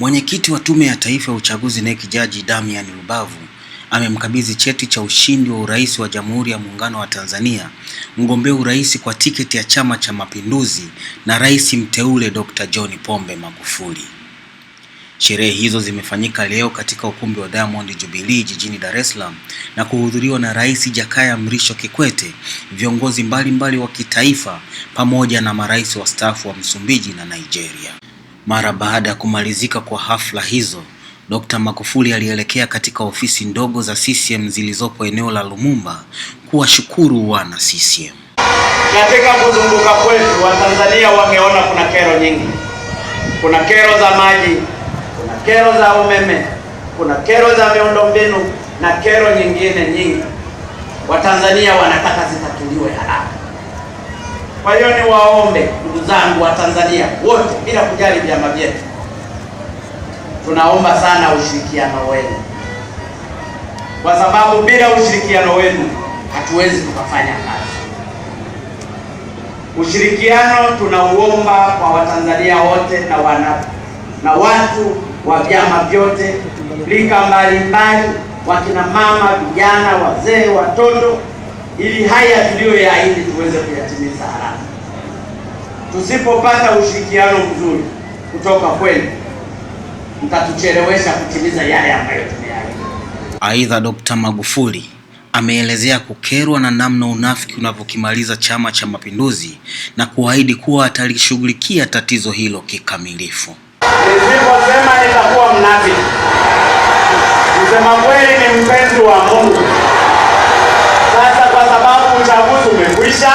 Mwenyekiti wa Tume ya Taifa ya Uchaguzi NEC Jaji Damian Lubavu amemkabidhi cheti cha ushindi wa urais wa Jamhuri ya Muungano wa Tanzania mgombea urais kwa tiketi ya Chama cha Mapinduzi na rais mteule Dr. John Pombe Magufuli. Sherehe hizo zimefanyika leo katika ukumbi wa Diamond Jubilee jijini Dar es Salaam na kuhudhuriwa na Rais Jakaya Mrisho Kikwete, viongozi mbalimbali mbali wa kitaifa pamoja na marais wastaafu wa Msumbiji na Nigeria. Mara baada ya kumalizika kwa hafla hizo, Dkt. Magufuli alielekea katika ofisi ndogo za CCM zilizopo eneo la Lumumba kuwashukuru wana CCM. Katika kuzunguka kwetu, Watanzania wameona kuna kero nyingi. Kuna kero za maji, kuna kero za umeme, kuna kero za miundombinu na kero nyingine nyingi. Watanzania wanataka kwa hiyo waombe ndugu zangu wa Tanzania wote bila kujali vyama vyetu, tunaomba sana ushirikiano wenu, kwa sababu bila ushirikiano wenu hatuwezi tukafanya kazi. Ushirikiano tunauomba kwa Watanzania wote na wana, na watu wa vyama vyote, rika mbalimbali, wakina mama, vijana, wazee, watoto ili haya tuliyoyaahidi tuweze kuyatimiza haraka. Tusipopata ushirikiano mzuri kutoka kwenu, mtatuchelewesha kutimiza yale ambayo tumeahidi. Aidha, Dkt. Magufuli ameelezea kukerwa na namna unafiki unavyokimaliza Chama cha Mapinduzi na kuahidi kuwa atalishughulikia tatizo hilo kikamilifu. uchaguzi umekwisha,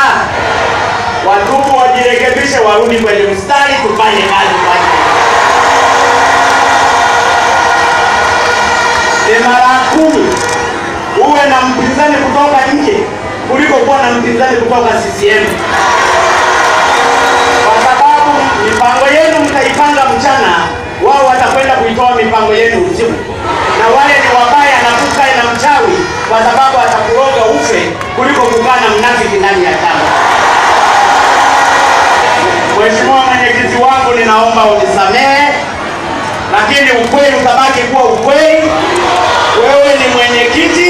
watubu wajirekebishe, warudi kwenye mstari, tufanye kazi pamoja. Ni mara kumi uwe na mpinzani kutoka nje kuliko kuwa na mpinzani kutoka CCM, kwa sababu mipango yenu mtaipanga mchana, wao watakwenda kuitoa mipango yenu usiku, na wale ni wabaya na kuka na mchawi kwa sababu mzungumze kuliko kukaa na mnafiki ndani ya chama. Mheshimiwa mwenyekiti wangu, ninaomba unisamehe, lakini ukweli utabaki kuwa ukweli. Wewe ni mwenyekiti,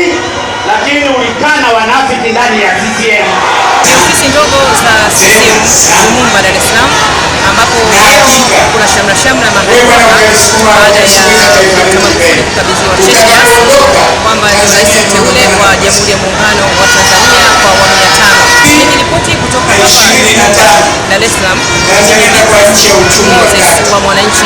lakini ulikaa na wanafiki ndani ya CCM. ofisi ndogo za CCM Umma Dar es Salaam ambapo kuna shamra shamra baada ya kukabidhiwa cheti rasmi kwamba rais mteule wa Jamhuri ya Muungano na Dar es Salaam, Moses wa Mwananchi